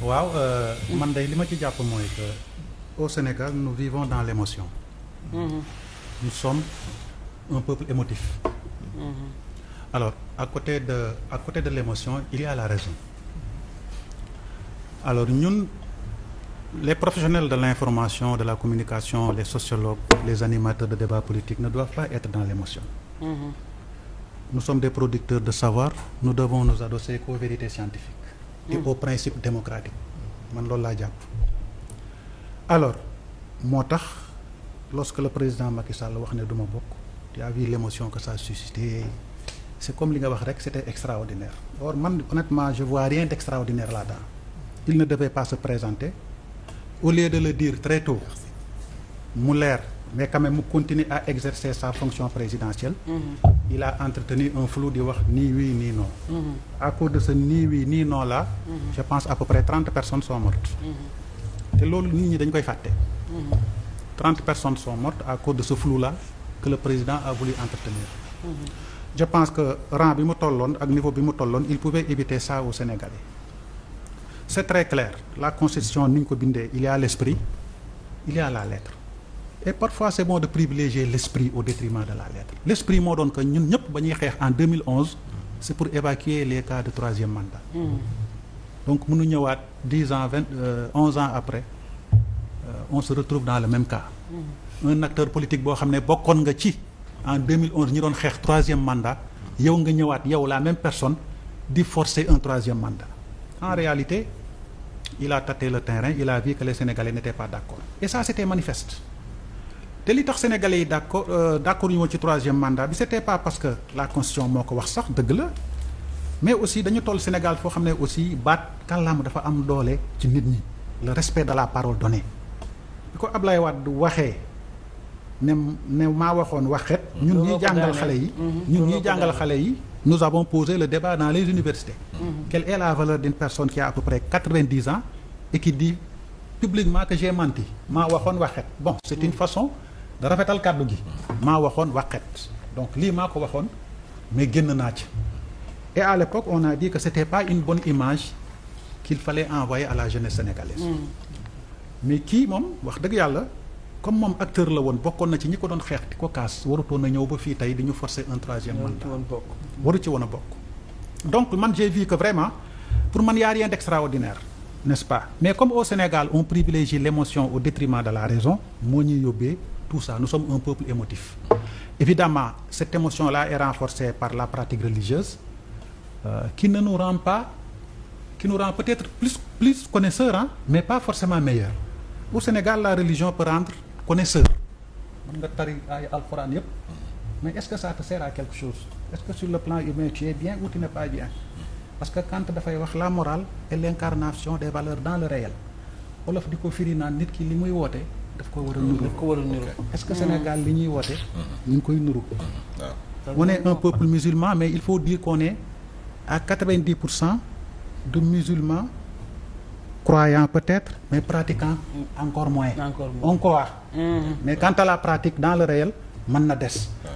waaw euh, man dey li ma ci jàpp mooy que au Sénégal nous vivons dans l'émotion mm-hmm. nous sommes un peuple émotif mm-hmm. alors à côté de à côté de l'émotion il y a la raison alors ñun les professionnels de l'information de la communication les sociologues les animateurs de débats politiques ne doivent pas être dans l'émotion mm-hmm. nous sommes des producteurs de savoir nous devons nous adosser qu'aux vérités scientifiques et hmm. au principe démocratique man loolu laa jàpp alors moo tax lorsque la président Macky Sall wax ne duma bokk tu as l'émotion que ça a suscité c'est comme li nga wax rek c'était extraordinaire or man honnêtement je vois rien d'extraordinaire là-dedans il na devait pas se présenter au lieu de le dire très tôt mu leer mais quand même mu continuer à exercer sa fonction présidentielle. Mmh. il a entretenu un flou di wax ni wii ni non. Mm-hmm. à cause de ce ni oui ni non là. Mm-hmm. je pense à peu près trente personnes sont mortes. Mm-hmm. te loolu nit ñi dañ koy fàtte. trente personnes sont mortes à cause de ce flou là que le président a voulu entretenir. je pense que rang bi mu tolloon ak niveau bi mu tolloon il pouvait éviter ça aux Sénégalais. c' très clair la constitution ni ñu ko bindee il y a l' la et parfois c'est bon de privilégier l'esprit au détriment de la lettre l'esprit moo doon que ñun ñëpp ba ñuy xeex en 2011 c'est pour évacuer les cas de troisième mandat hmm. donc mënu ñëwaat dix ans vingt euh, onze ans après euh, on se retrouve dans le même cas hmm. un acteur politique boo xam ne bokkoon nga ci en 2011 ñu doon xeex troisième mandat yow nga ñëwaat yow la même personne di forcer un troisième mandat en réalité il a tâté le terrain il a vu que les Sénégalais n'étaient pas d'accord te li tax sénégalais yi d'accord euh, d'accord ñu woon ci troisième mandat bi c'était pas parce que la constitution moo ko wax sax dëgg la mais aussi dañu toll Sénégal foo xam ne aussi baat kàllaama dafa am doole ci nit ñi la respect de la parole donnée bi ko Ablaye Wade waxee ne ne maa waxoon waxet mm-hmm. ñun ñuy jàngal xale yi mm-hmm. ñun ñuy jàngal xale yi nous avons posé le débat dans les universités mm-hmm. quelle est la valeur d'une personne qui a à peu près quatre-vingt-dix ans et qui dit maa waxoon waxet bon c'est une façon da rafetal kàddu gi maa waxoon waqet donc lii maa ko waxoon mais génn naa ci et à l'époque on a dit que c'était pas une bonne image qu'il fallait envoyé à la jeunesse sénégalaise mm. mais kii moom wax dëgg yàlla comme moom acteur la woon bokkoon na ci ñi ko doon xeex di ko kaas warutoon na ñëw ba fii tey di ñu forcer un troisième mandat waru ci woon a bokk donc man j'ai vu que vraiment pour man y a rien d'extraordinaire n'est-ce pas mais comme au Sénégal on privilégie l'émotion au détriment de la raison moo ñuy yóbbee tout ça nous sommes un peuple émotif évidemment cette émotion là est renforcée par la pratique religieuse euh, na ne nous pas qui nous rend peut-être plus plus connaisseurs hein, mais pas forcément meilleurs au Sénégal la religion peut rendre connaisseur mën nga tari ay alxuraan yëpp mais est-ce que ça te sert quelque chose est-ce que sur le plan humain tu es bien ou tu n'es pas bien parce que Kant dafay wax la morale et l'incarnation des valeurs dans le réel olof ki li muy woote daf ko war a nuru. ko war a nuru est-ce que Sénégal li ñuy woote. Mhm. ñu ngi koy nuru. Mhm. waaw on est un peuple musulman mais il faut dire qu'on est à quatre-vingt-dix pour cent de musulmans croyants peut-être mais pratiquants mhm. encore moins. encore moins on croit. mais quant à la pratique dans le réel mën na des.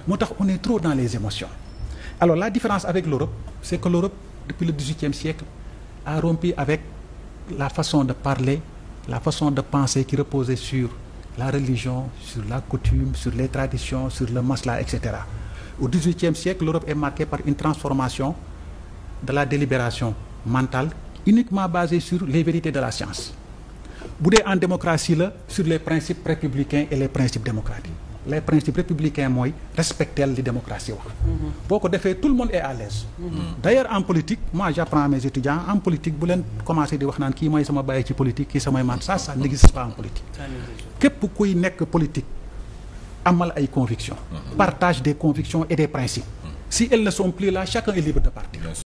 moo tax on est trop dans les émotions. alors la différence avec l'Europe c'est que l'Europe depuis le dix-huitième siècle a rompu avec la façon de parler la façon de penser qui reposait sur la religion, sur la coutume, sur les traditions, sur le masla, etc. Au XVIIIe siècle, l'Europe est marquée par une transformation de la délibération mentale uniquement basée sur les vérités de la science. bu dee en démocratie la sur les principes républicains et les principes démocratiques les principes républicains mooy respecter li démocratie wax. boo ko defee tout le monde est à l'aise d' ailleurs en politique moi j' apprends à en politique bu leen commencé di wax naan kii mooy sama bàyyi ci politique kii samay man ça ça n'existe pas en politique. képp kuy nekk politique amal ay convictions. Mhm. partage des convictions et des principes. si elles ne sont plus là chacun est libre de partir.